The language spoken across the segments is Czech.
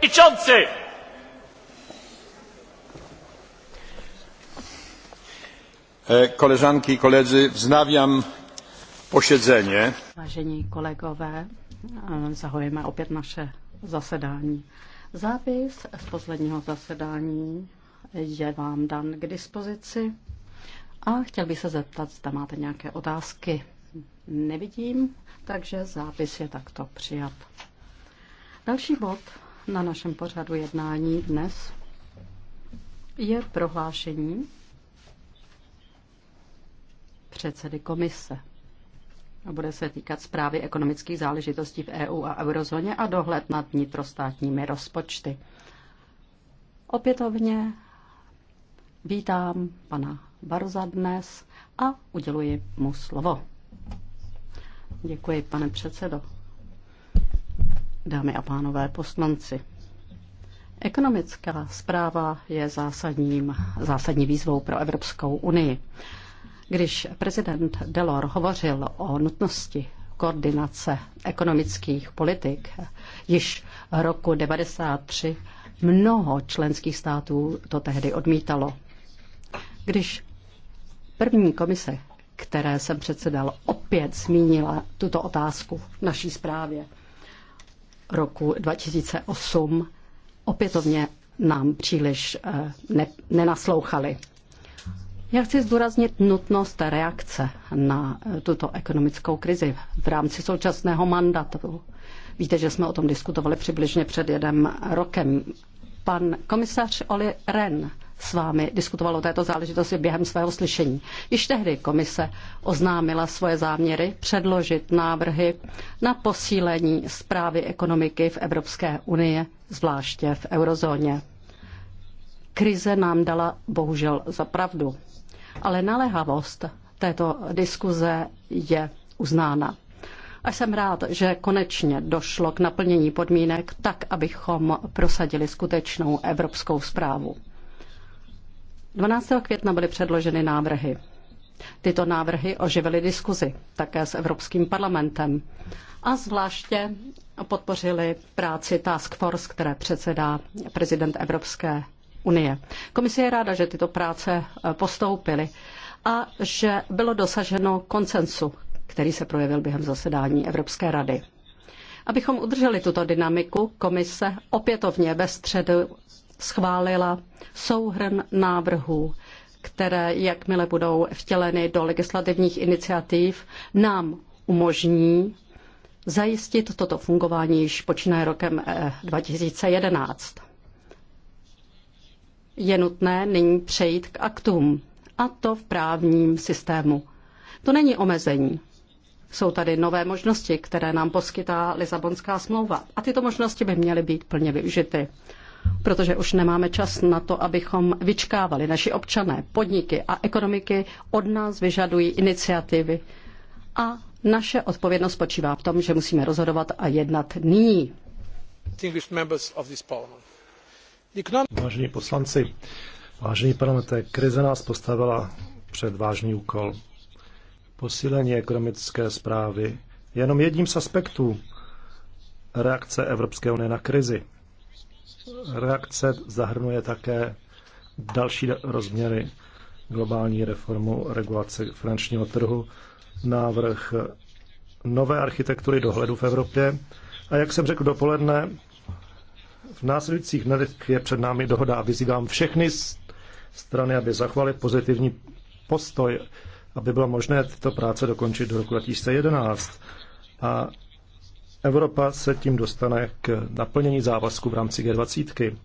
Przewodniczący! E, koleżanki i koledzy, wznawiam posiedzenie. Vážení kolegové, zahojíme opět naše zasedání. Zápis z posledního zasedání je vám dan k dispozici a chtěl bych se zeptat, zda máte nějaké otázky. Nevidím, takže zápis je takto přijat. Další bod na našem pořadu jednání dnes je prohlášení předsedy komise. A bude se týkat zprávy ekonomických záležitostí v EU a eurozóně a dohled nad vnitrostátními rozpočty. Opětovně vítám pana Barza dnes a uděluji mu slovo. Děkuji, pane předsedo dámy a pánové poslanci. Ekonomická zpráva je zásadním, zásadní výzvou pro Evropskou unii. Když prezident Delor hovořil o nutnosti koordinace ekonomických politik již roku 1993, mnoho členských států to tehdy odmítalo. Když první komise, které jsem předsedal, opět zmínila tuto otázku v naší zprávě, roku 2008 opětovně nám příliš eh, ne, nenaslouchali. Já chci zdůraznit nutnost reakce na eh, tuto ekonomickou krizi v rámci současného mandatu. Víte, že jsme o tom diskutovali přibližně před jedem rokem. Pan komisař Oli Ren s vámi diskutovalo. o této záležitosti během svého slyšení. Již tehdy komise oznámila svoje záměry předložit návrhy na posílení zprávy ekonomiky v Evropské unii, zvláště v eurozóně. Krize nám dala bohužel za pravdu, ale naléhavost této diskuze je uznána. A jsem rád, že konečně došlo k naplnění podmínek tak, abychom prosadili skutečnou evropskou zprávu. 12. května byly předloženy návrhy. Tyto návrhy oživily diskuzi také s Evropským parlamentem a zvláště podpořili práci Task Force, které předsedá prezident Evropské unie. Komise je ráda, že tyto práce eh, postoupily a že bylo dosaženo konsensu, který se projevil během zasedání Evropské rady. Abychom udrželi tuto dynamiku, komise opětovně ve středu schválila souhrn návrhů, které, jakmile budou vtěleny do legislativních iniciativ, nám umožní zajistit toto fungování již počínaje rokem 2011. Eh, Je nutné nyní přejít k aktům, a to v právním systému. To není omezení. Jsou tady nové možnosti, které nám poskytá Lisabonská smlouva a tyto možnosti by měly být plně využity protože už nemáme čas na to, abychom vyčkávali. Naši občané, podniky a ekonomiky od nás vyžadují iniciativy. A naše odpovědnost spočívá v tom, že musíme rozhodovat a jednat nyní. Vážení poslanci, vážení parlamente, krize nás postavila před vážný úkol. Posílení ekonomické zprávy je jenom jedním z aspektů reakce Evropské unie na krizi reakce zahrnuje také další rozměry globální reformu regulace finančního trhu, návrh nové architektury dohledu v Evropě. A jak jsem řekl dopoledne, v následujících dnech je před námi dohoda a vyzývám všechny strany, aby zachovali pozitivní postoj, aby bylo možné tyto práce dokončit do roku 2011. A Evropa se tím dostane k naplnění závazku v rámci G20.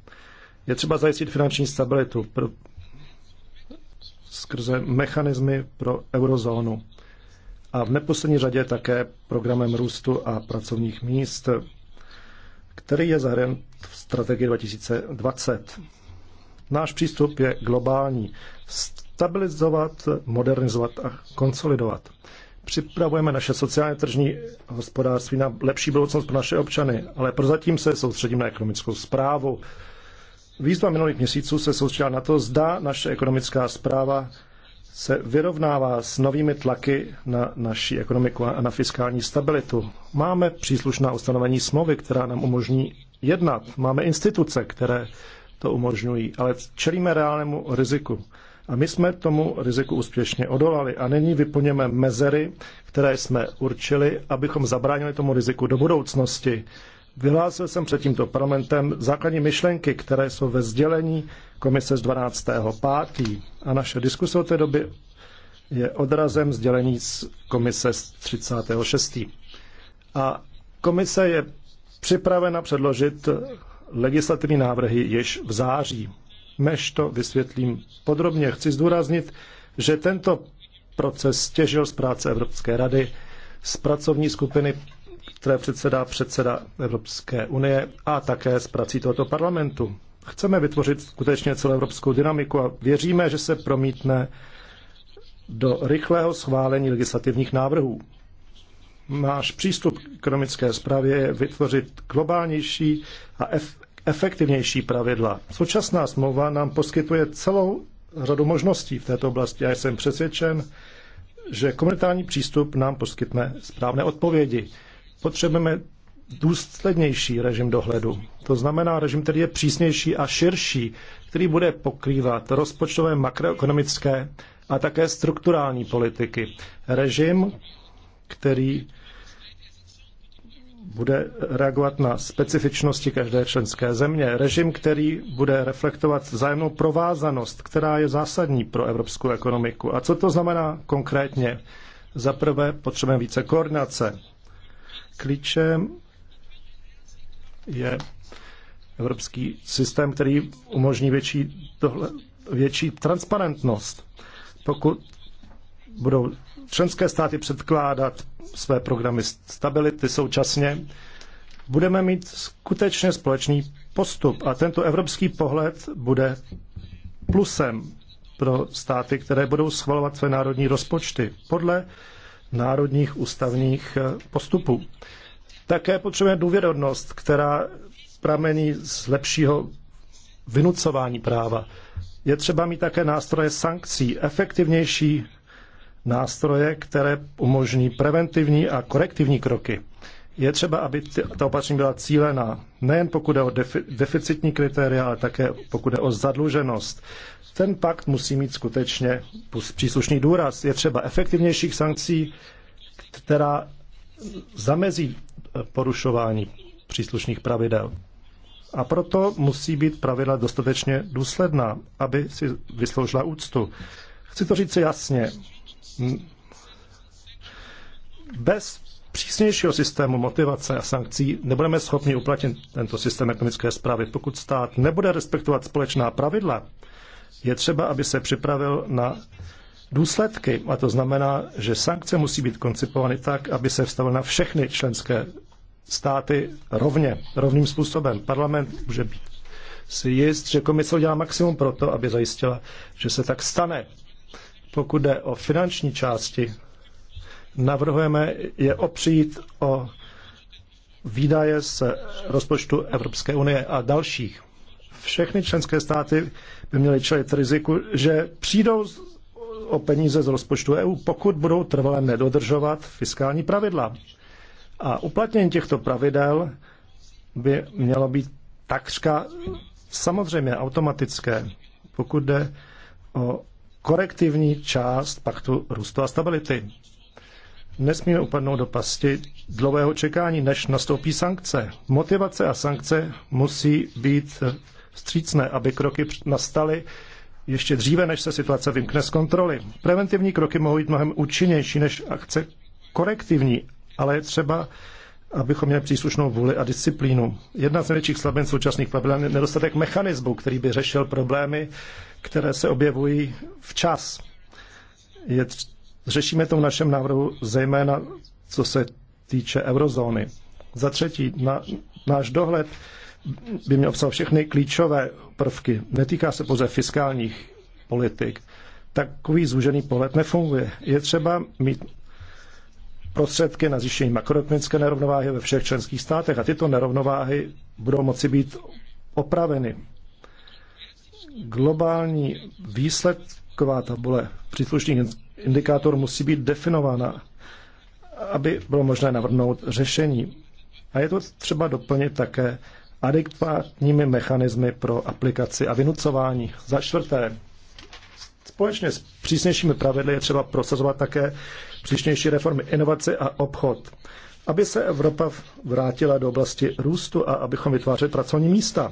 Je třeba zajistit finanční stabilitu pro, skrze mechanismy pro eurozónu a v neposlední řadě také programem růstu a pracovních míst, který je zahrán v strategii 2020. Náš přístup je globální. Stabilizovat, modernizovat a konsolidovat. Připravujeme naše sociálně tržní hospodářství na lepší budoucnost pro naše občany, ale prozatím se soustředíme na ekonomickou zprávu. Výzva minulých měsíců se soustředila na to, zda naše ekonomická zpráva se vyrovnává s novými tlaky na naši ekonomiku a na fiskální stabilitu. Máme příslušná ustanovení smlouvy, která nám umožní jednat. Máme instituce, které to umožňují, ale čelíme reálnému riziku. A my jsme tomu riziku úspěšně odolali. A nyní vyplněme mezery, které jsme určili, abychom zabránili tomu riziku do budoucnosti. Vyhlásil jsem před tímto parlamentem základní myšlenky, které jsou ve sdělení komise z 12. 5. A naše diskuse od té doby je odrazem sdělení z komise z 36. A komise je připravena předložit legislativní návrhy již v září. Než to vysvětlím podrobně, chci zdůraznit, že tento proces stěžil z práce Evropské rady, z pracovní skupiny, které předsedá předseda Evropské unie a také z prací tohoto parlamentu. Chceme vytvořit skutečně celoevropskou dynamiku a věříme, že se promítne do rychlého schválení legislativních návrhů. Náš přístup k ekonomické zprávě je vytvořit globálnější a efektivnější pravidla. Současná smlouva nám poskytuje celou řadu možností v této oblasti a jsem přesvědčen, že komunitární přístup nám poskytne správné odpovědi. Potřebujeme důslednější režim dohledu. To znamená režim, který je přísnější a širší, který bude pokrývat rozpočtové, makroekonomické a také strukturální politiky. Režim, který bude reagovat na specifičnosti každé členské země. Režim, který bude reflektovat vzájemnou provázanost, která je zásadní pro evropskou ekonomiku. A co to znamená konkrétně? Za prvé potřebujeme více koordinace. Klíčem je evropský systém, který umožní větší, tohle, větší transparentnost. Pokud budou členské státy předkládat své programy stability současně, budeme mít skutečně společný postup a tento evropský pohled bude plusem pro státy, které budou schvalovat své národní rozpočty podle národních ústavních eh, postupů. Také potřebujeme důvěrodnost, která pramení z lepšího vynucování práva. Je třeba mít také nástroje sankcí, efektivnější nástroje, které umožní preventivní a korektivní kroky. Je třeba, aby ta opatření byla cílená, nejen pokud je o deficitní kritéria, ale také pokud je o zadluženost. Ten pakt musí mít skutečně příslušný důraz. Je třeba efektivnějších sankcí, která zamezí e, porušování příslušných pravidel. A proto musí být pravidla dostatečně důsledná, aby si vysloužila úctu. Chci to říct jasně. Bez přísnějšího systému motivace a sankcí nebudeme schopni uplatnit tento systém ekonomické zprávy. Pokud stát nebude respektovat společná pravidla, je třeba, aby se připravil na důsledky. A to znamená, že sankce musí být koncipovány tak, aby se vstavily na všechny členské státy rovně, rovným způsobem. Parlament může být si jist, že komise udělá maximum pro to, aby zajistila, že se tak stane. Pokud jde o finanční části, navrhujeme je opřít o výdaje z rozpočtu Evropské unie a dalších. Všechny členské státy by měly čelit riziku, že přijdou o peníze z rozpočtu EU, pokud budou trvale nedodržovat fiskální pravidla. A uplatnění těchto pravidel by mělo být takřka samozřejmě automatické, pokud jde o korektivní část paktu růstu a stability. Nesmíme upadnout do pasti dlouhého čekání, než nastoupí sankce. Motivace a sankce musí být střícné, aby kroky nastaly ještě dříve, než se situace vymkne z kontroly. Preventivní kroky mohou být mnohem účinnější než akce korektivní, ale je třeba, abychom měli příslušnou vůli a disciplínu. Jedna z největších slabin současných pravidel je nedostatek mechanismu, který by řešil problémy, které se objevují včas. Je, řešíme to v našem návrhu zejména co se týče eurozóny. Za třetí, na, náš dohled by měl obsahovat všechny klíčové prvky. Netýká se pouze fiskálních politik. Takový zúžený pohled nefunguje. Je třeba mít prostředky na zjištění makroekonomické nerovnováhy ve všech členských státech a tyto nerovnováhy budou moci být opraveny globální výsledková tabule příslušných indikátorů musí být definována, aby bylo možné navrhnout řešení. A je to třeba doplnit také adekvátními mechanismy pro aplikaci a vynucování. Za čtvrté, společně s přísnějšími pravidly je třeba prosazovat také přísnější reformy inovace a obchod, aby se Evropa vrátila do oblasti růstu a abychom vytvářeli pracovní místa.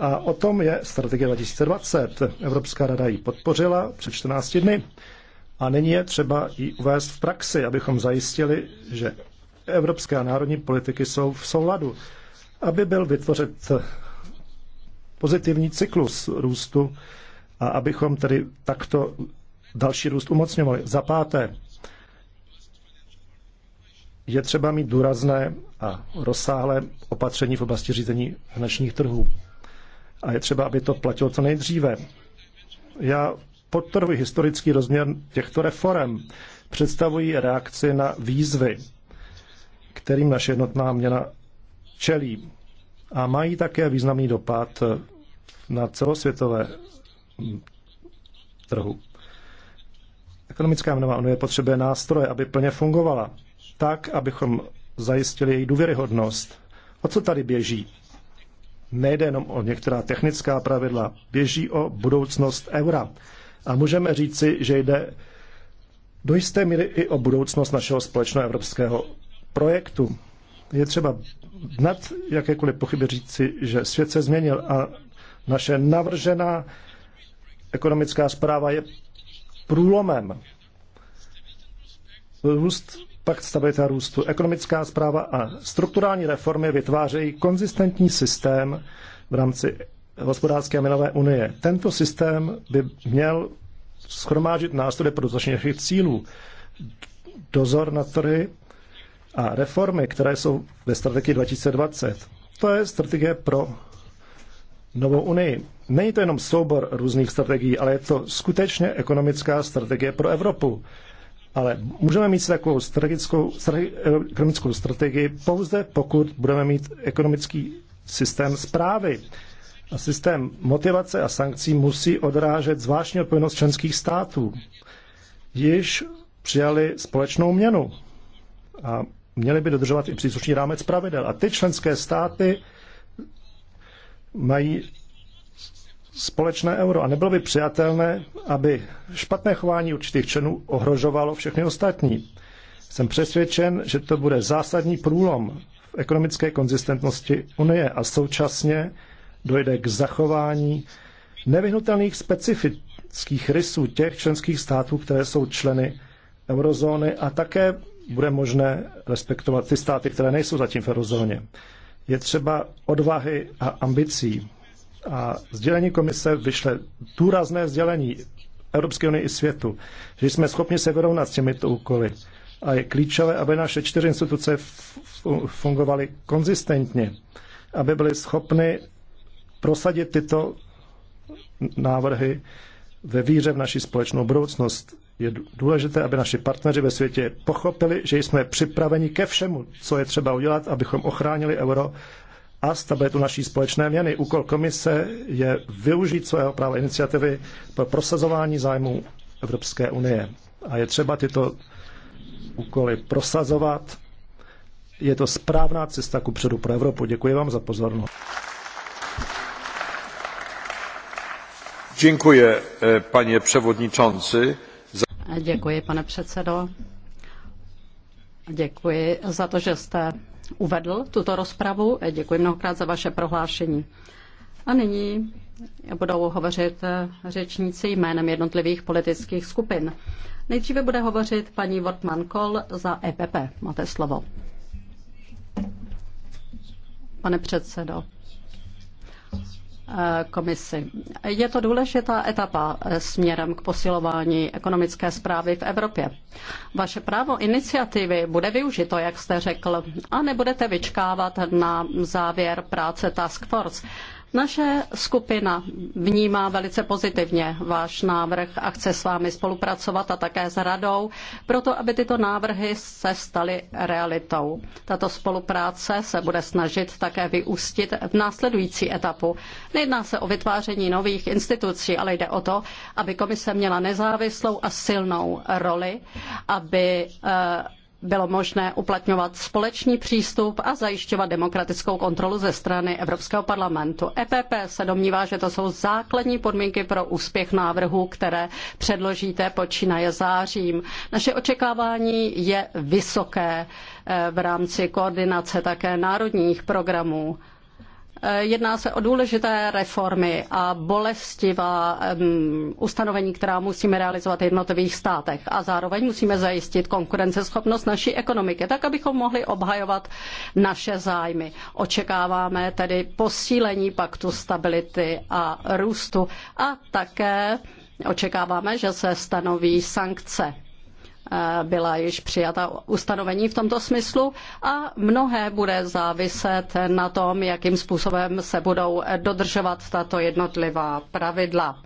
A o tom je strategie 2020. Evropská rada ji podpořila před 14 dny. A nyní je třeba ji uvést v praxi, abychom zajistili, že evropské a národní politiky jsou v souladu, aby byl vytvořit pozitivní cyklus růstu a abychom tedy takto další růst umocňovali. Za páté, je třeba mít důrazné a rozsáhlé opatření v oblasti řízení finančních trhů a je třeba, aby to platilo co nejdříve. Já podtrhuji historický rozměr těchto reform. Představují reakci na výzvy, kterým naše jednotná měna čelí a mají také významný dopad na celosvětové trhu. Ekonomická měna unie potřebuje nástroje, aby plně fungovala, tak, abychom zajistili její důvěryhodnost. O co tady běží? nejde jenom o některá technická pravidla, běží o budoucnost eura. A můžeme říci, že jde do jisté míry i o budoucnost našeho společného evropského projektu. Je třeba nad jakékoliv pochyby říci, že svět se změnil a naše navržená ekonomická zpráva je průlomem. Růst Pakt stability a růstu, ekonomická zpráva a strukturální reformy vytvářejí konzistentní systém v rámci hospodářské a měnové unie. Tento systém by měl schromážit nástroje pro dosažení našich cílů, dozor na trhy a reformy, které jsou ve strategii 2020. To je strategie pro novou unii. Není to jenom soubor různých strategií, ale je to skutečně ekonomická strategie pro Evropu. Ale můžeme mít takovou strategickou, ekonomickou strategii pouze pokud budeme mít ekonomický systém zprávy. A systém motivace a sankcí musí odrážet zvláštní odpovědnost členských států. Již přijali společnou měnu a měli by dodržovat i příslušný rámec pravidel. A ty členské státy mají společné euro a nebylo by přijatelné, aby špatné chování určitých členů ohrožovalo všechny ostatní. Jsem přesvědčen, že to bude zásadní průlom v ekonomické konzistentnosti Unie a současně dojde k zachování nevyhnutelných specifických rysů těch členských států, které jsou členy eurozóny a také bude možné respektovat ty státy, které nejsou zatím v eurozóně. Je třeba odvahy a ambicí a sdělení komise vyšle důrazné sdělení Evropské unie i světu, že jsme schopni se vyrovnat s těmito úkoly. A je klíčové, aby naše čtyři instituce fungovaly konzistentně, aby byly schopny prosadit tyto návrhy ve víře v naši společnou budoucnost. Je důležité, aby naši partneři ve světě pochopili, že jsme připraveni ke všemu, co je třeba udělat, abychom ochránili euro a stabilitu naší společné měny. Úkol komise je využít svého práva iniciativy pro prosazování zájmů Evropské unie. A je třeba tyto úkoly prosazovat. Je to správná cesta ku předu pro Evropu. Děkuji vám za pozornost. Děkuji, eh, pane převodničanci. Za... Děkuji, pane předsedo. Děkuji za to, že jste uvedl tuto rozpravu. Děkuji mnohokrát za vaše prohlášení. A nyní budou hovořit eh, řečníci jménem jednotlivých politických skupin. Nejdříve bude hovořit paní Wortmann Kohl za EPP. Máte slovo. Pane předsedo, Eh, komisi. Je to důležitá etapa eh, směrem k posilování ekonomické zprávy v Evropě. Vaše právo iniciativy bude využito, jak jste řekl, a nebudete vyčkávat na závěr práce Task Force. Naše skupina vnímá velice pozitivně váš návrh a chce s vámi spolupracovat a také s radou, proto aby tyto návrhy se staly realitou. Tato spolupráce se bude snažit také vyústit v následující etapu. Nejedná se o vytváření nových institucí, ale jde o to, aby komise měla nezávislou a silnou roli, aby eh, bylo možné uplatňovat společný přístup a zajišťovat demokratickou kontrolu ze strany Evropského parlamentu. EPP se domnívá, že to jsou základní podmínky pro úspěch návrhů, které předložíte počínaje zářím. Naše očekávání je vysoké eh, v rámci koordinace také národních programů Eh, jedná se o důležité reformy a bolestivá um, ustanovení, která musíme realizovat v jednotlivých státech. A zároveň musíme zajistit konkurenceschopnost naší ekonomiky, tak abychom mohli obhajovat naše zájmy. Očekáváme tedy posílení paktu stability a růstu a také očekáváme, že se stanoví sankce Eh, byla již přijata ustanovení v tomto smyslu a mnohé bude záviset na tom, jakým způsobem se budou dodržovat tato jednotlivá pravidla.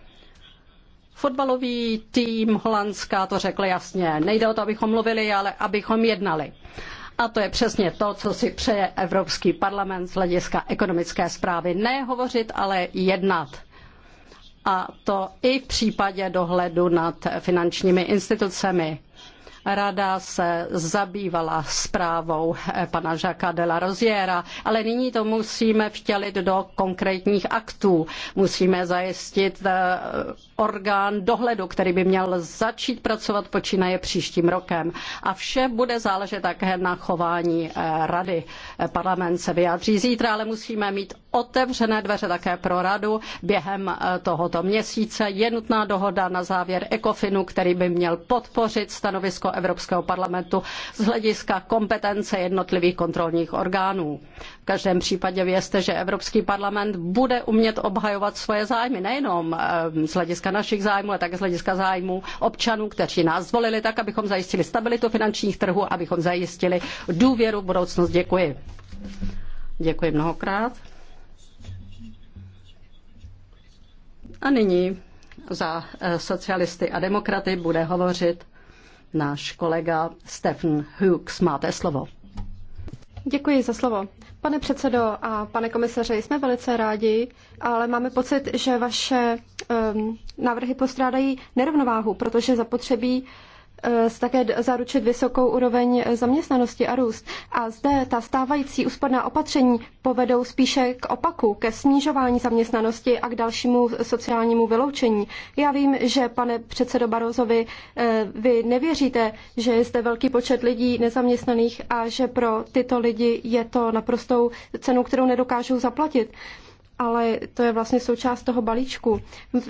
Fotbalový tým Holandska to řekl jasně. Nejde o to, abychom mluvili, ale abychom jednali. A to je přesně to, co si přeje Evropský parlament z hlediska ekonomické zprávy. Ne hovořit, ale jednat a to i v případě dohledu nad finančními institucemi. Rada se zabývala zprávou eh, pana Žaka de la Roziera, ale nyní to musíme vtělit do konkrétních aktů. Musíme zajistit eh, orgán dohledu, který by měl začít pracovat počínaje příštím rokem. A vše bude záležet také na chování eh, rady. Parlament se vyjádří zítra, ale musíme mít otevřené dveře také pro radu během eh, tohoto měsíce. Je nutná dohoda na závěr ECOFINu, který by měl podpořit stanovisko Evropského parlamentu z hlediska kompetence jednotlivých kontrolních orgánů. V každém případě vězte, že Evropský parlament bude umět obhajovat svoje zájmy nejenom eh, z hlediska našich zájmů, ale také z hlediska zájmů občanů, kteří nás zvolili, tak abychom zajistili stabilitu finančních trhů, abychom zajistili důvěru v budoucnost. Děkuji. Děkuji mnohokrát. A nyní za eh, socialisty a demokraty bude hovořit náš kolega Stephen Hughes. Máte slovo. Děkuji za slovo. Pane předsedo a pane komisaře jsme velice rádi, ale máme pocit, že vaše um, návrhy postrádají nerovnováhu, protože zapotřebí také zaručit vysokou úroveň zaměstnanosti a růst. A zde ta stávající úsporná opatření povedou spíše k opaku, ke snižování zaměstnanosti a k dalšímu sociálnímu vyloučení. Já vím, že pane předsedo Barozovi, eh, vy nevěříte, že je zde velký počet lidí nezaměstnaných a že pro tyto lidi je to naprostou cenu, kterou nedokážou zaplatit ale to je vlastně součást toho balíčku.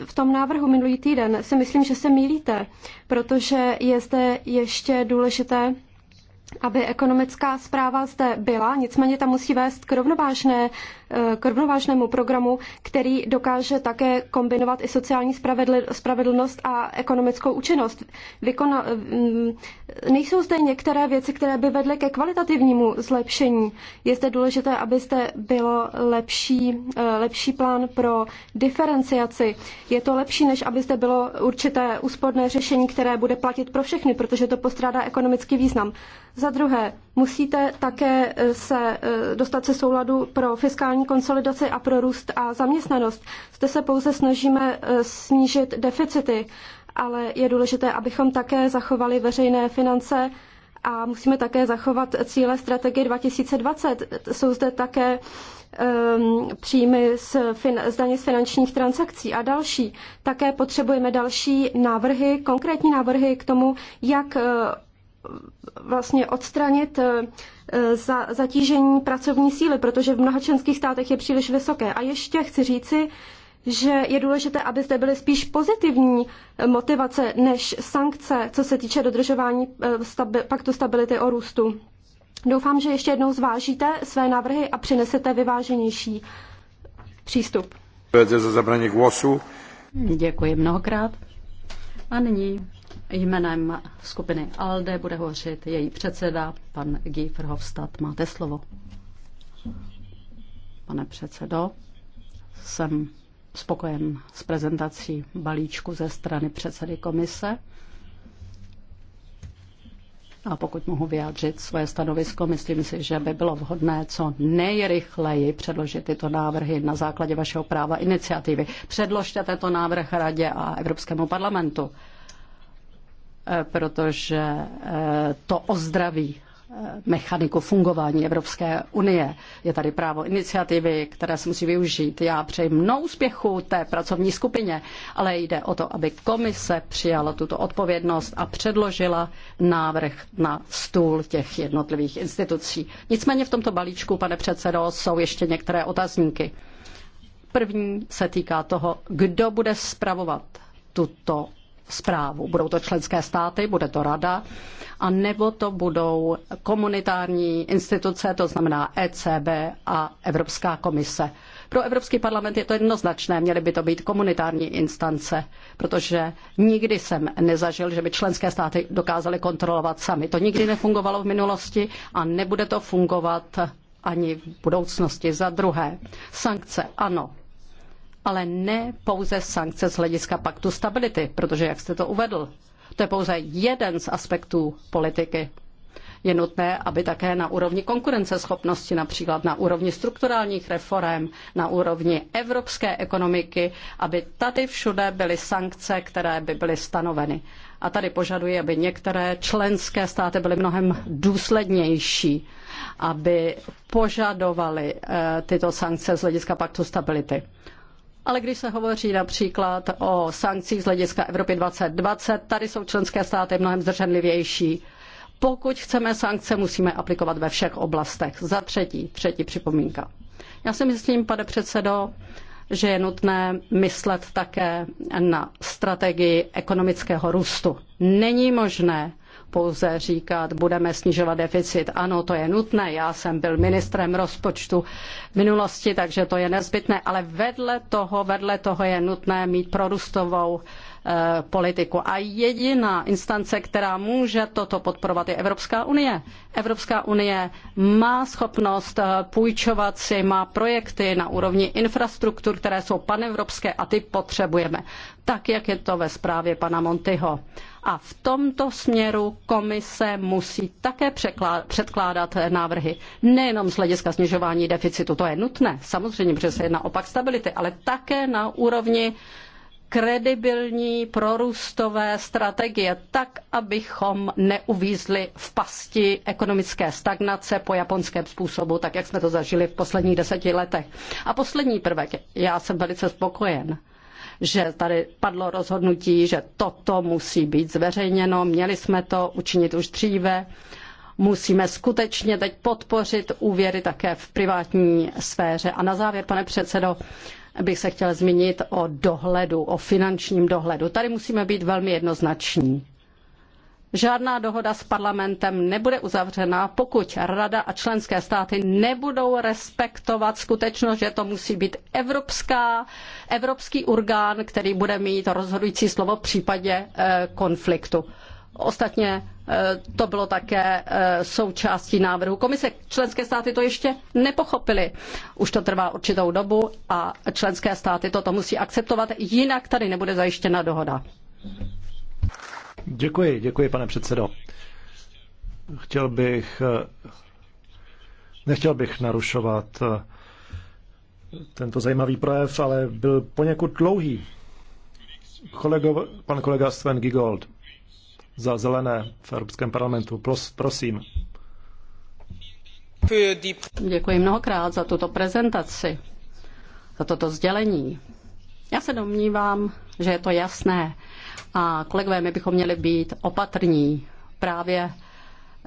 V tom návrhu minulý týden si myslím, že se mýlíte, protože je zde ještě důležité aby ekonomická zpráva zde byla, nicméně ta musí vést k, rovnovážné, eh, k rovnovážnému programu, který dokáže také kombinovat i sociální spravedlnost a ekonomickou účinnost. Vykona, mm, nejsou zde některé věci, které by vedly ke kvalitativnímu zlepšení. Je zde důležité, aby zde bylo lepší, eh, lepší plán pro diferenciaci. Je to lepší, než aby zde bylo určité úsporné řešení, které bude platit pro všechny, protože to postrádá ekonomický význam. Za druhé, musíte také eh, se eh, dostat se souladu pro fiskální konsolidaci a pro růst a zaměstnanost. Zde se pouze snažíme eh, snížit deficity, ale je důležité, abychom také zachovali veřejné finance a musíme také zachovat cíle strategie 2020. Jsou zde také um, příjmy z, fin, z daně z finančních transakcí a další. Také potřebujeme další návrhy, konkrétní návrhy k tomu, jak vlastně odstranit eh, za, zatížení pracovní síly, protože v mnoha členských státech je příliš vysoké. A ještě chci říci, že je důležité, aby zde byly spíš pozitivní eh, motivace než sankce, co se týče dodržování eh, stabi- paktu stability o růstu. Doufám, že ještě jednou zvážíte své návrhy a přinesete vyváženější přístup. Děkuji mnohokrát. A nyní Jménem skupiny ALDE bude hovořit její předseda, pan Guy Verhofstadt. Máte slovo. Pane předsedo, jsem spokojen s prezentací balíčku ze strany předsedy komise. A pokud mohu vyjádřit svoje stanovisko, myslím si, že by bylo vhodné co nejrychleji předložit tyto návrhy na základě vašeho práva iniciativy. Předložte tento návrh Radě a Evropskému parlamentu. Eh, protože eh, to ozdraví eh, mechaniku fungování Evropské unie. Je tady právo iniciativy, které se musí využít. Já přeji mnou úspěchu té pracovní skupině, ale jde o to, aby komise přijala tuto odpovědnost a předložila návrh na stůl těch jednotlivých institucí. Nicméně v tomto balíčku, pane předsedo, jsou ještě některé otazníky. První se týká toho, kdo bude spravovat tuto zprávu. Budou to členské státy, bude to rada, a nebo to budou komunitární instituce, to znamená ECB a Evropská komise. Pro Evropský parlament je to jednoznačné, měly by to být komunitární instance, protože nikdy jsem nezažil, že by členské státy dokázaly kontrolovat sami. To nikdy nefungovalo v minulosti a nebude to fungovat ani v budoucnosti. Za druhé, sankce, ano, ale ne pouze sankce z hlediska paktu stability, protože, jak jste to uvedl, to je pouze jeden z aspektů politiky. Je nutné, aby také na úrovni konkurenceschopnosti, například na úrovni strukturálních reform, na úrovni evropské ekonomiky, aby tady všude byly sankce, které by byly stanoveny. A tady požaduji, aby některé členské státy byly mnohem důslednější, aby požadovaly eh, tyto sankce z hlediska paktu stability. Ale když se hovoří například o sankcích z hlediska Evropy 2020, tady jsou členské státy mnohem zdrženlivější. Pokud chceme sankce, musíme aplikovat ve všech oblastech. Za třetí, třetí připomínka. Já si myslím, pane předsedo, že je nutné myslet také na strategii ekonomického růstu. Není možné, pouze říkat, budeme snižovat deficit. Ano, to je nutné, já jsem byl ministrem rozpočtu v minulosti, takže to je nezbytné, ale vedle toho, vedle toho je nutné mít prorůstovou Eh, politiku. A jediná instance, která může toto podporovat, je Evropská unie. Evropská unie má schopnost eh, půjčovat si, má projekty na úrovni infrastruktur, které jsou panevropské a ty potřebujeme. Tak, jak je to ve zprávě pana Montyho. A v tomto směru komise musí také předkládat eh, návrhy. Nejenom z hlediska snižování deficitu, to je nutné, samozřejmě, protože se jedná o pak stability, ale také na úrovni kredibilní prorůstové strategie, tak abychom neuvízli v pasti ekonomické stagnace po japonském způsobu, tak jak jsme to zažili v posledních deseti letech. A poslední prvek, já jsem velice spokojen že tady padlo rozhodnutí, že toto musí být zveřejněno, měli jsme to učinit už dříve. Musíme skutečně teď podpořit úvěry také v privátní sféře. A na závěr, pane předsedo, bych se chtěl zmínit o dohledu, o finančním dohledu. Tady musíme být velmi jednoznační. Žádná dohoda s parlamentem nebude uzavřena, pokud Rada a členské státy nebudou respektovat skutečnost, že to musí být evropská, evropský orgán, který bude mít rozhodující slovo v případě eh, konfliktu. Ostatně eh, to bylo také eh, součástí návrhu komise. Členské státy to ještě nepochopily. Už to trvá určitou dobu a členské státy toto musí akceptovat, jinak tady nebude zajištěna dohoda. Děkuji, děkuji, pane předsedo. Chtěl bych, eh, nechtěl bych narušovat tento zajímavý projev, ale byl poněkud dlouhý. Kolego, pan kolega Sven Gigold za zelené v Evropském parlamentu. Prosím. Děkuji mnohokrát za tuto prezentaci, za toto sdělení. Já se domnívám, že je to jasné. A kolegové, my bychom měli být opatrní právě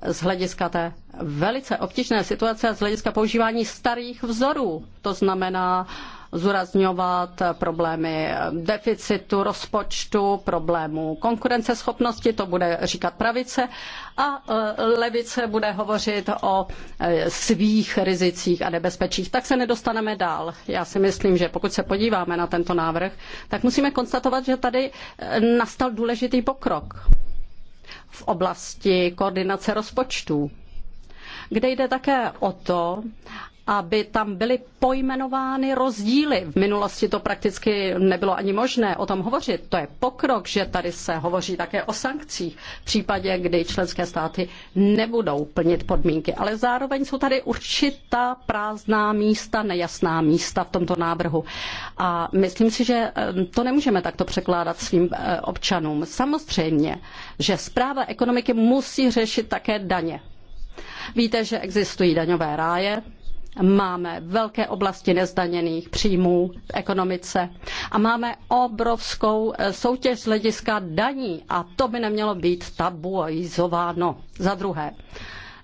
z hlediska té velice obtížné situace a z hlediska používání starých vzorů. To znamená, zúrazňovat problémy deficitu, rozpočtu, problému konkurenceschopnosti, to bude říkat pravice, a e, levice bude hovořit o e, svých rizicích a nebezpečích. Tak se nedostaneme dál. Já si myslím, že pokud se podíváme na tento návrh, tak musíme konstatovat, že tady e, nastal důležitý pokrok v oblasti koordinace rozpočtů kde jde také o to, aby tam byly pojmenovány rozdíly. V minulosti to prakticky nebylo ani možné o tom hovořit. To je pokrok, že tady se hovoří také o sankcích v případě, kdy členské státy nebudou plnit podmínky. Ale zároveň jsou tady určitá prázdná místa, nejasná místa v tomto návrhu. A myslím si, že eh, to nemůžeme takto překládat svým eh, občanům. Samozřejmě, že zpráva ekonomiky musí řešit také daně. Víte, že existují daňové ráje, máme velké oblasti nezdaněných příjmů v ekonomice a máme obrovskou eh, soutěž z hlediska daní a to by nemělo být tabuizováno. Za druhé,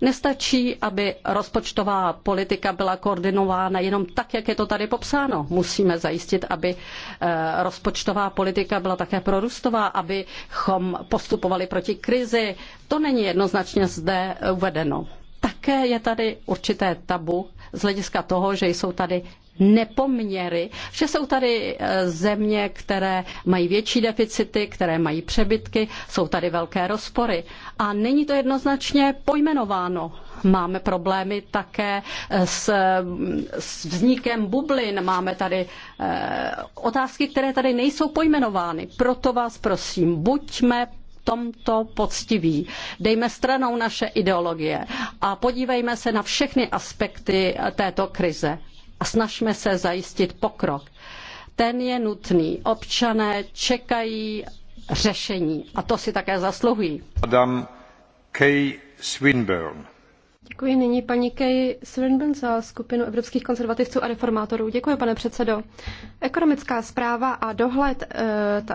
Nestačí, aby rozpočtová politika byla koordinována jenom tak, jak je to tady popsáno. Musíme zajistit, aby eh, rozpočtová politika byla také prorůstová, abychom postupovali proti krizi. To není jednoznačně zde uvedeno. Také je tady určité tabu z hlediska toho, že jsou tady nepoměry, že jsou tady eh, země, které mají větší deficity, které mají přebytky, jsou tady velké rozpory. A není to jednoznačně pojmenováno. Máme problémy také eh, s, s vznikem bublin, máme tady eh, otázky, které tady nejsou pojmenovány. Proto vás prosím, buďme tomto poctiví. Dejme stranou naše ideologie a podívejme se na všechny aspekty této krize a snažme se zajistit pokrok. Ten je nutný. Občané čekají řešení a to si také zasluhují. Adam K. Swinburne Děkuji nyní paní Kay Swinburne za skupinu evropských konzervativců a reformátorů. Děkuji, pane předsedo. Ekonomická zpráva a dohled, eh,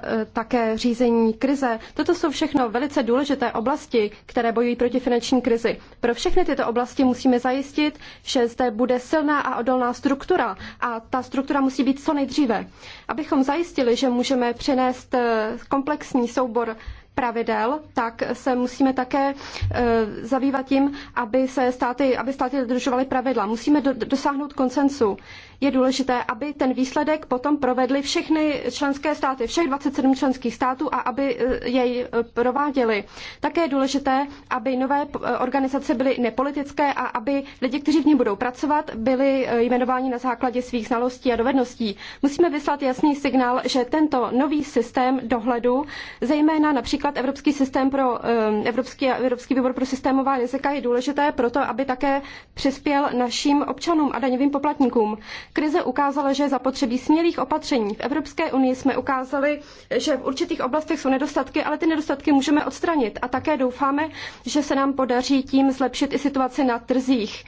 eh, také řízení krize, toto jsou všechno velice důležité oblasti, které bojují proti finanční krizi. Pro všechny tyto oblasti musíme zajistit, že zde bude silná a odolná struktura a ta struktura musí být co nejdříve. Abychom zajistili, že můžeme přenést eh, komplexní soubor pravidel, tak se musíme také e, zabývat tím, aby se státy, aby státy dodržovaly pravidla. Musíme do, dosáhnout konsensu je důležité, aby ten výsledek potom provedly všechny členské státy, všech 27 členských států a aby e, jej e, prováděly. Také je důležité, aby nové e, organizace byly nepolitické a aby lidi, kteří v ní budou pracovat, byli jmenováni na základě svých znalostí a dovedností. Musíme vyslat jasný signál, že tento nový systém dohledu, zejména například Evropský systém pro Evropský, Evropský výbor pro systémová rizika je důležité proto, aby také přispěl našim občanům a daňovým poplatníkům. Krize ukázala, že je zapotřebí smělých opatření. V Evropské unii jsme ukázali, že v určitých oblastech jsou nedostatky, ale ty nedostatky můžeme odstranit. A také doufáme, že se nám podaří tím zlepšit i situaci na trzích.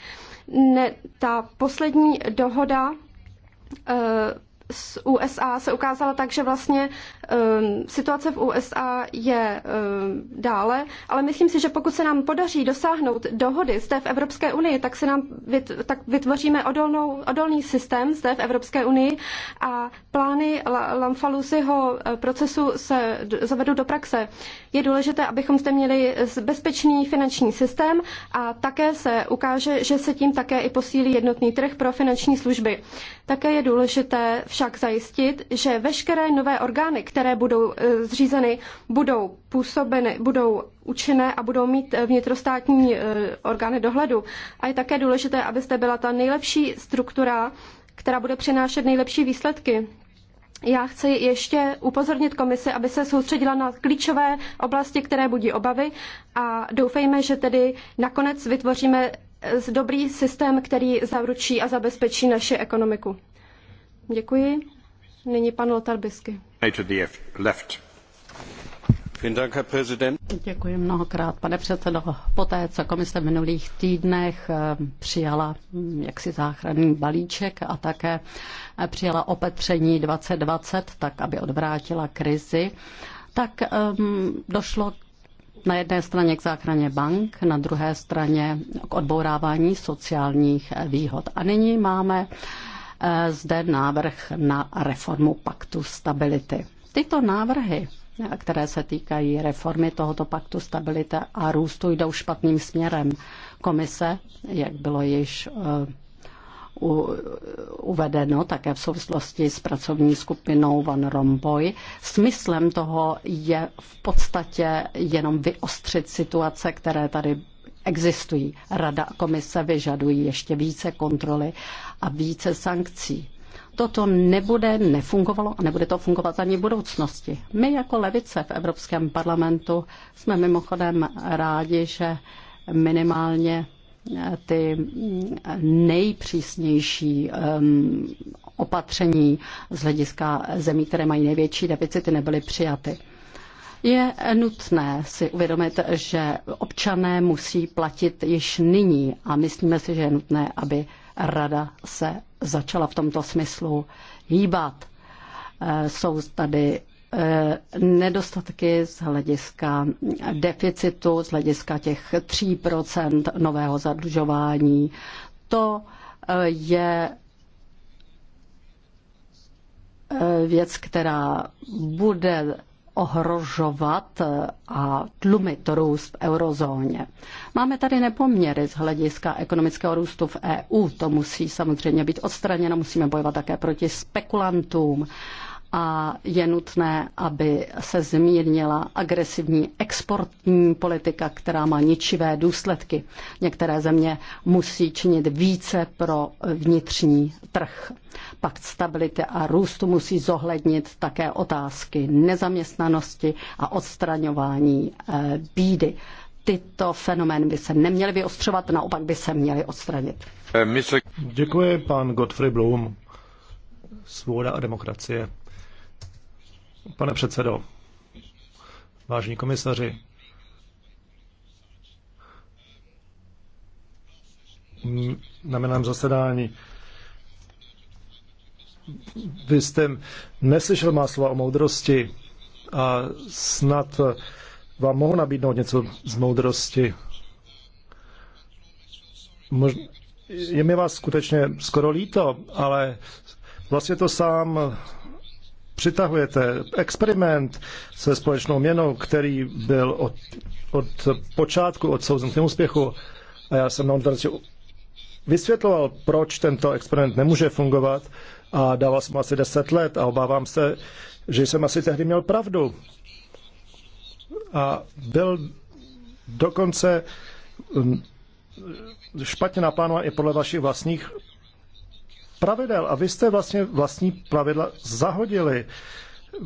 Ne, ta poslední dohoda eh, z USA se ukázala tak, že vlastně um, situace v USA je um, dále, ale myslím si, že pokud se nám podaří dosáhnout dohody zde v Evropské unii, tak se nám vyt, tak vytvoříme odolnou, odolný systém zde v Evropské unii a plány Lamfalusiho eh, procesu se zavedou do praxe. Je důležité, abychom zde měli bezpečný finanční systém a také se ukáže, že se tím také i posílí jednotný trh pro finanční služby. Také je důležité však zajistit, že veškeré nové orgány, které budou e, zřízeny, budou působeny, budou účinné a budou mít e, vnitrostátní e, orgány dohledu. A je také důležité, abyste byla ta nejlepší struktura, která bude přinášet nejlepší výsledky. Já chci ještě upozornit komisi, aby se soustředila na klíčové oblasti, které budí obavy a doufejme, že tedy nakonec vytvoříme dobrý systém, který zaručí a zabezpečí naši ekonomiku. Děkuji. Nyní pan Lothar Bisky. Děkuji mnohokrát, pane předsedo. Poté, co komise v minulých týdnech eh, přijala hm, jaksi záchranný balíček a také eh, přijala opatření 2020, tak aby odvrátila krizi, tak um, došlo na jedné straně k záchraně bank, na druhé straně k odbourávání sociálních eh, výhod. A nyní máme uh, Eh, zde návrh na reformu paktu stability. Tyto návrhy které se týkají reformy tohoto paktu stability a růstu, jdou špatným směrem. Komise, jak bylo již eh, uvedeno také v souvislosti s pracovní skupinou Van Rompuy. Smyslem toho je v podstatě jenom vyostřit situace, které tady existují. Rada a komise vyžadují ještě více kontroly a více sankcí. Toto nebude, nefungovalo a nebude to fungovat ani v budoucnosti. My jako levice v Evropském parlamentu jsme mimochodem rádi, že minimálně eh, ty nejpřísnější um, opatření z hlediska zemí, které mají největší deficity, nebyly přijaty. Je nutné si uvědomit, že občané musí platit již nyní a myslíme si, že je nutné, aby rada se začala v tomto smyslu hýbat. Eh, jsou tady eh, nedostatky z hlediska deficitu, z hlediska těch 3% nového zadlužování. To eh, je věc, která bude ohrožovat a tlumit růst v eurozóně. Máme tady nepoměry z hlediska ekonomického růstu v EU. To musí samozřejmě být odstraněno. Musíme bojovat také proti spekulantům a je nutné, aby se zmírnila agresivní exportní politika, která má ničivé důsledky. Některé země musí činit více pro vnitřní trh. Pakt stability a růstu musí zohlednit také otázky nezaměstnanosti a odstraňování eh, bídy. Tyto fenomény by se neměly vyostřovat, naopak by se měly odstranit. Eh, Děkuji, pan Gottfried Blum. Svoboda a demokracie. Pane předsedo, vážení komisaři, na mém zasedání vy jste neslyšel má slova o moudrosti a snad vám mohu nabídnout něco z moudrosti. Mož- je mi vás skutečně skoro líto, ale vlastně to sám přitahujete experiment se společnou měnou, který byl od, od počátku odsouzen k úspěchu. A já jsem na univerzitě vysvětloval, proč tento experiment nemůže fungovat a dával jsem asi 10 let a obávám se, že jsem asi tehdy měl pravdu. A byl dokonce mm, špatně naplánován i podle vašich vlastních pravidel a vy jste vlastně vlastní pravidla zahodili.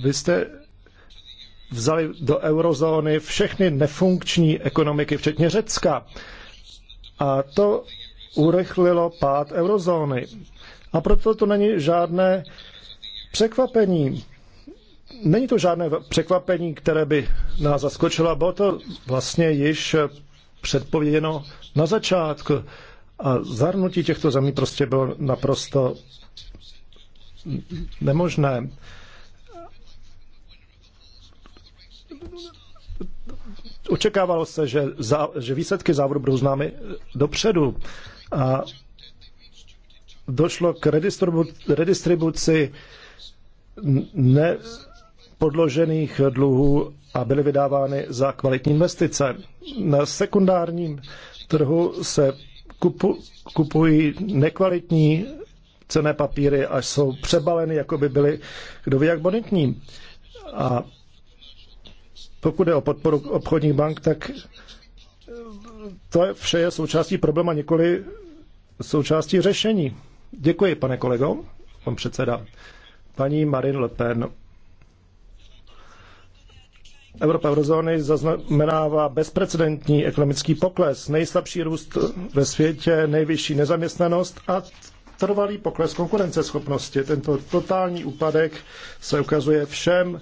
Vy jste vzali do eurozóny všechny nefunkční ekonomiky, včetně Řecka. A to urychlilo pád eurozóny. A proto to není žádné překvapení. Není to žádné překvapení, které by nás zaskočilo, bylo to vlastně již předpověděno na začátku. A zahrnutí těchto zemí prostě bylo naprosto nemožné. Očekávalo se, že, za, že výsledky závodu budou známy dopředu. A došlo k redistribu, redistribuci nepodložených dluhů a byly vydávány za kvalitní investice. Na sekundárním trhu se kupu, kupují nekvalitní cené papíry a jsou přebaleny, jako by byly kdo ví jak bonitní. A pokud je o podporu obchodních bank, tak to je vše je součástí problému, nikoli součástí řešení. Děkuji, pane kolego, pan předseda. Paní Marin Le Pen Evropa eurozóny zaznamenává bezprecedentní ekonomický pokles, nejslabší růst ve světě, nejvyšší nezaměstnanost a trvalý pokles konkurenceschopnosti. Tento totální úpadek se ukazuje všem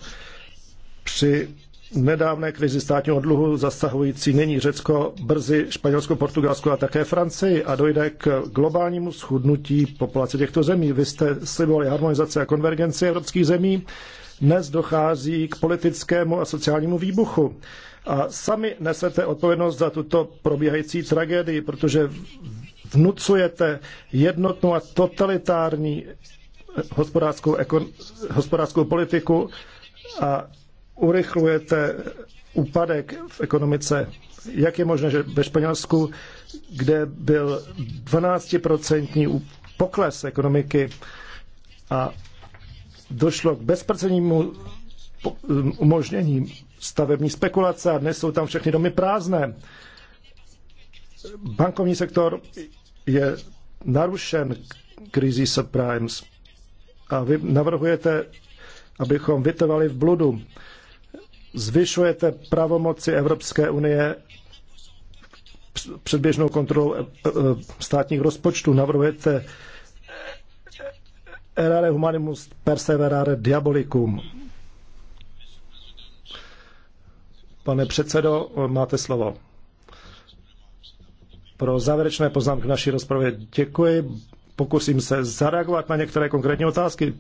při nedávné krizi státního dluhu zasahující nyní Řecko, brzy Španělsko, Portugalsko a také Francii a dojde k globálnímu schudnutí populace těchto zemí. Vy jste slibovali harmonizace a konvergenci evropských zemí dnes dochází k politickému a sociálnímu výbuchu. A sami nesete odpovědnost za tuto probíhající tragédii, protože vnucujete jednotnou a totalitární hospodářskou, ekon, hospodářskou politiku a urychlujete úpadek v ekonomice. Jak je možné, že ve Španělsku, kde byl 12% pokles ekonomiky a došlo k bezprcednímu um, umožnění stavební spekulace a dnes jsou tam všechny domy prázdné. Bankovní sektor je narušen krizí subprimes a vy navrhujete, abychom vytovali v bludu. Zvyšujete pravomoci Evropské unie předběžnou kontrolou eh, eh, státních rozpočtů. Navrhujete erare humanimus perseverare diabolicum. Pane předsedo, máte slovo. Pro závěrečné poznámky naší rozpravě děkuji. Pokusím se zareagovat na některé konkrétní otázky.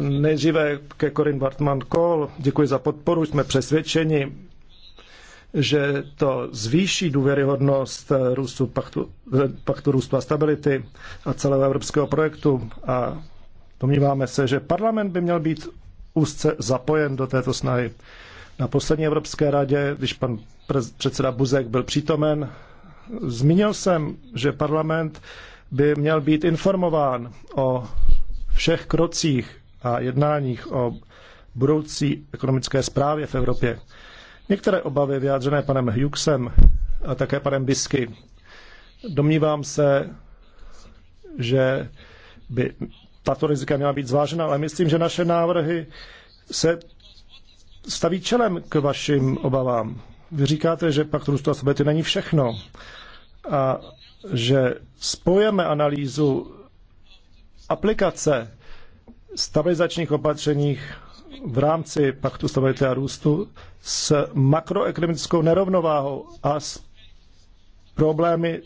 Nejdříve ke Corin Bartman Kohl. Děkuji za podporu. Jsme přesvědčeni, že to zvýší důvěryhodnost růstu paktu, paktu růstu a stability a celého evropského projektu a domníváme se, že parlament by měl být úzce zapojen do této snahy. Na poslední Evropské radě, když pan předseda Buzek byl přítomen, zmínil jsem, že parlament by měl být informován o všech krocích a jednáních o budoucí ekonomické zprávě v Evropě. Některé obavy vyjádřené panem Hughesem a také panem Bisky. Domnívám se, že by tato rizika měla být zvážena, ale myslím, že naše návrhy se staví čelem k vašim obavám. Vy říkáte, že pakt růstu a sobety není všechno a že spojeme analýzu aplikace stabilizačních opatřeních v rámci paktu stability a růstu s makroekonomickou nerovnováhou a s problémy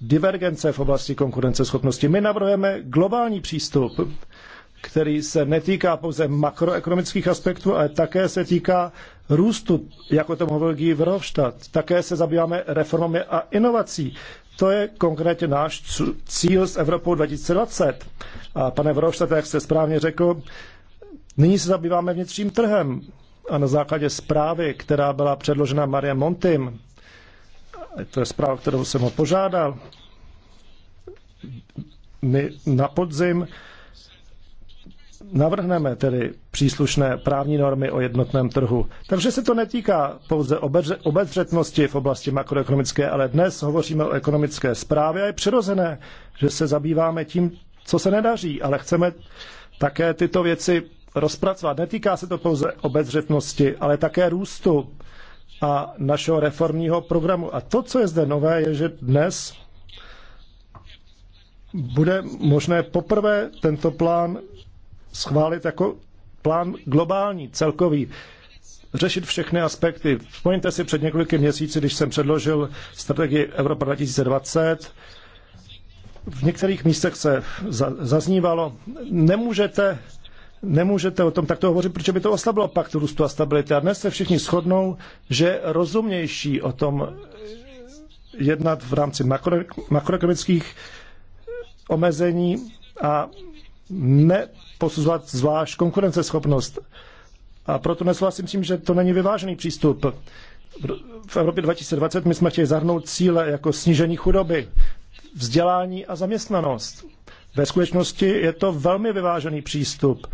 divergence v oblasti konkurenceschopnosti. My navrhujeme globální přístup, který se netýká pouze makroekonomických aspektů, ale také se týká růstu, jako to mluvil Guy Verhofstadt. Také se zabýváme reformami a inovací. To je konkrétně náš cíl s Evropou 2020. A pane Verhofstadt, jak jste správně řekl, Nyní se zabýváme vnitřním trhem a na základě zprávy, která byla předložena Marie Montim, to je zpráva, kterou jsem ho požádal, my na podzim navrhneme tedy příslušné právní normy o jednotném trhu. Takže se to netýká pouze obezřetnosti v oblasti makroekonomické, ale dnes hovoříme o ekonomické zprávě a je přirozené, že se zabýváme tím, co se nedaří, ale chceme také tyto věci rozpracovat. Netýká se to pouze obezřetnosti, ale také růstu a našeho reformního programu. A to, co je zde nové, je, že dnes bude možné poprvé tento plán schválit jako plán globální, celkový řešit všechny aspekty. Vzpomeňte si před několika měsíci, když jsem předložil strategii Evropa 2020, v některých místech se zaznívalo, nemůžete nemůžete o tom takto hovořit, protože by to oslabilo pakt růstu a stability. A dnes se všichni shodnou, že rozumnější o tom jednat v rámci makro, makroekonomických omezení a neposuzovat zvlášť konkurenceschopnost. A proto nesouhlasím s tím, že to není vyvážený přístup. V Evropě 2020 my jsme chtěli zahrnout cíle jako snížení chudoby, vzdělání a zaměstnanost. Ve skutečnosti je to velmi vyvážený přístup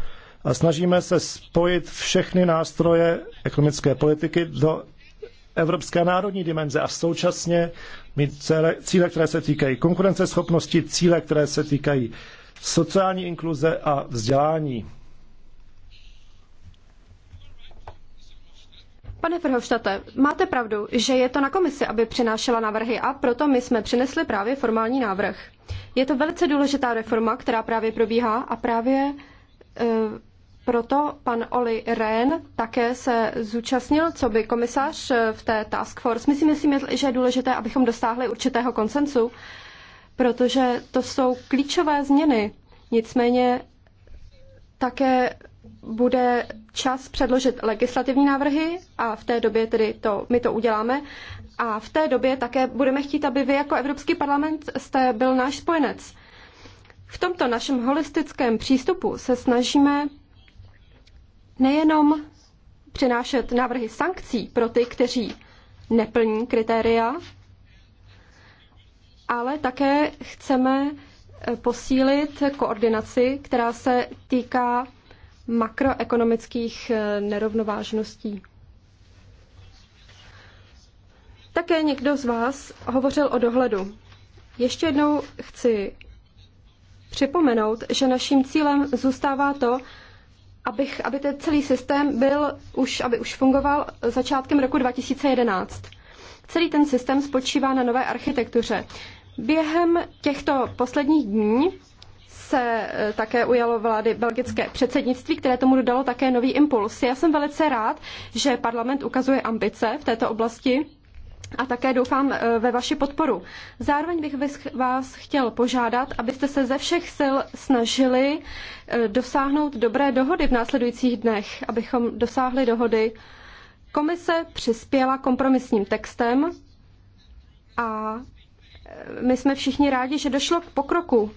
a snažíme se spojit všechny nástroje ekonomické politiky do evropské národní dimenze a současně mít cíle, které se týkají konkurenceschopnosti, cíle, které se týkají sociální inkluze a vzdělání. Pane Verhofstadte, máte pravdu, že je to na komisi, aby přinášela návrhy a proto my jsme přinesli právě formální návrh. Je to velice důležitá reforma, která právě probíhá a právě e, proto pan Oli Rehn také se zúčastnil, co by komisař e, v té task force. My si myslíme, že je důležité, abychom dostáhli určitého konsensu, protože to jsou klíčové změny. Nicméně také bude čas předložit legislativní návrhy a v té době tedy to, my to uděláme. A v té době také budeme chtít, aby vy jako Evropský parlament jste byl náš spojenec. V tomto našem holistickém přístupu se snažíme nejenom přinášet návrhy sankcí pro ty, kteří neplní kritéria, ale také chceme eh, posílit koordinaci, která se týká makroekonomických eh, nerovnovážností. Také někdo z vás hovořil o dohledu. Ještě jednou chci připomenout, že naším cílem zůstává to, abych, aby ten celý systém byl už, aby už fungoval začátkem roku 2011. Celý ten systém spočívá na nové architektuře. Během těchto posledních dní se eh, také ujalo vlády belgické předsednictví, které tomu dodalo také nový impuls. Já jsem velice rád, že parlament ukazuje ambice v této oblasti a také doufám eh, ve vaši podporu. Zároveň bych vás chtěl požádat, abyste se ze všech sil snažili eh, dosáhnout dobré dohody v následujících dnech, abychom dosáhli dohody. Komise přispěla kompromisním textem a eh, my jsme všichni rádi, že došlo k pokroku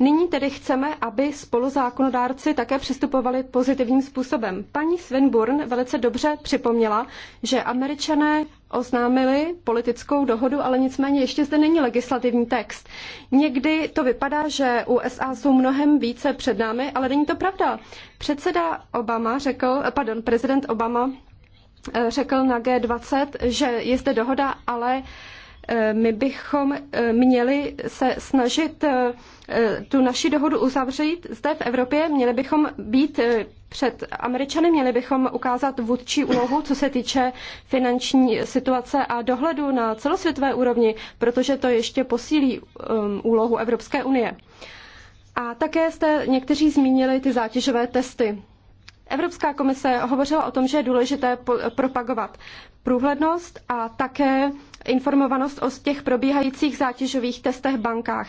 Nyní tedy chceme, aby spoluzákonodárci také přistupovali pozitivním způsobem. Paní Svinburn velice dobře připomněla, že američané oznámili politickou dohodu, ale nicméně ještě zde není legislativní text. Někdy to vypadá, že USA jsou mnohem více před námi, ale není to pravda. Předseda Obama řekl, pardon, prezident Obama eh, řekl na G20, že je zde dohoda, ale Eh, my bychom eh, měli se snažit eh, tu naši dohodu uzavřít zde v Evropě, měli bychom být před Američany, měli bychom ukázat vůdčí úlohu, co se týče finanční situace a dohledu na celosvětové úrovni, protože to ještě posílí úlohu Evropské unie. A také jste někteří zmínili ty zátěžové testy. Evropská komise hovořila o tom, že je důležité propagovat průhlednost a také informovanost o těch probíhajících zátěžových testech v bankách.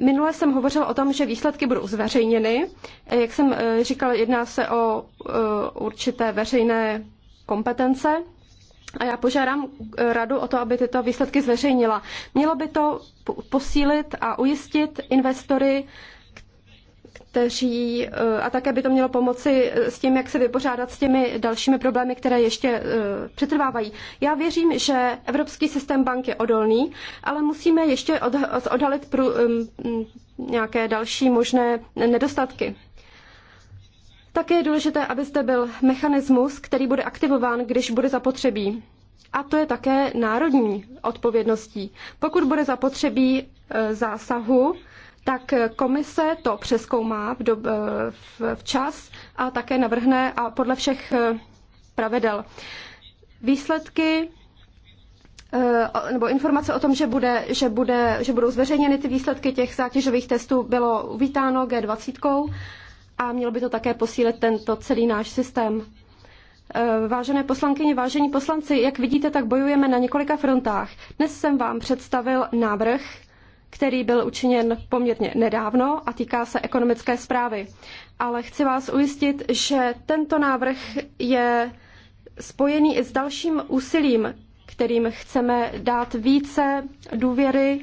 Minule jsem hovořil o tom, že výsledky budou zveřejněny. Jak jsem eh, říkal, jedná se o eh, určité veřejné kompetence a já požádám eh, radu o to, aby tyto výsledky zveřejnila. Mělo by to posílit a ujistit investory kteří, eh, a také by to mělo pomoci eh, s tím, jak se vypořádat s těmi dalšími problémy, které ještě eh, přetrvávají. Já věřím, že evropský systém bank je odolný, ale musíme ještě odhalit pro, nějaké další možné nedostatky. Také je důležité, aby zde byl mechanismus, který bude aktivován, když bude zapotřebí. A to je také národní odpovědností. Pokud bude zapotřebí zásahu, tak komise to přeskoumá v, do, eh, v, včas a také navrhne a podle všech eh, pravidel. Výsledky eh, nebo informace o tom, že, bude, že, bude, že budou zveřejněny ty výsledky těch zátěžových testů, bylo uvítáno G20 a mělo by to také posílit tento celý náš systém. Vážené poslankyně, vážení poslanci, jak vidíte, tak bojujeme na několika frontách. Dnes jsem vám představil návrh který byl učiněn poměrně nedávno a týká se ekonomické zprávy. Ale chci vás ujistit, že tento návrh je spojený i s dalším úsilím, kterým chceme dát více důvěry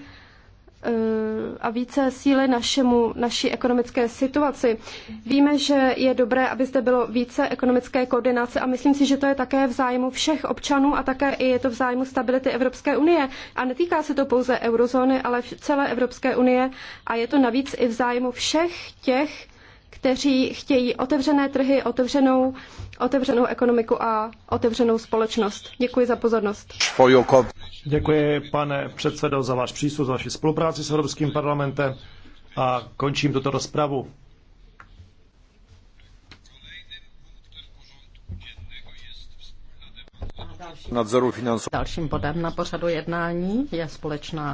a více síly našemu, naší ekonomické situaci. Víme, že je dobré, aby zde bylo více ekonomické koordinace a myslím si, že to je také v zájmu všech občanů a také i je to v zájmu stability Evropské unie. A netýká se to pouze eurozóny, ale celé Evropské unie a je to navíc i v zájmu všech těch, kteří chtějí otevřené trhy, otevřenou, otevřenou ekonomiku a otevřenou společnost. Děkuji za pozornost. Děkuji, pane předsedo, za váš přístup, za vaši spolupráci s Evropským parlamentem a končím tuto rozpravu. nadzoru Dalším bodem na pořadu jednání je společná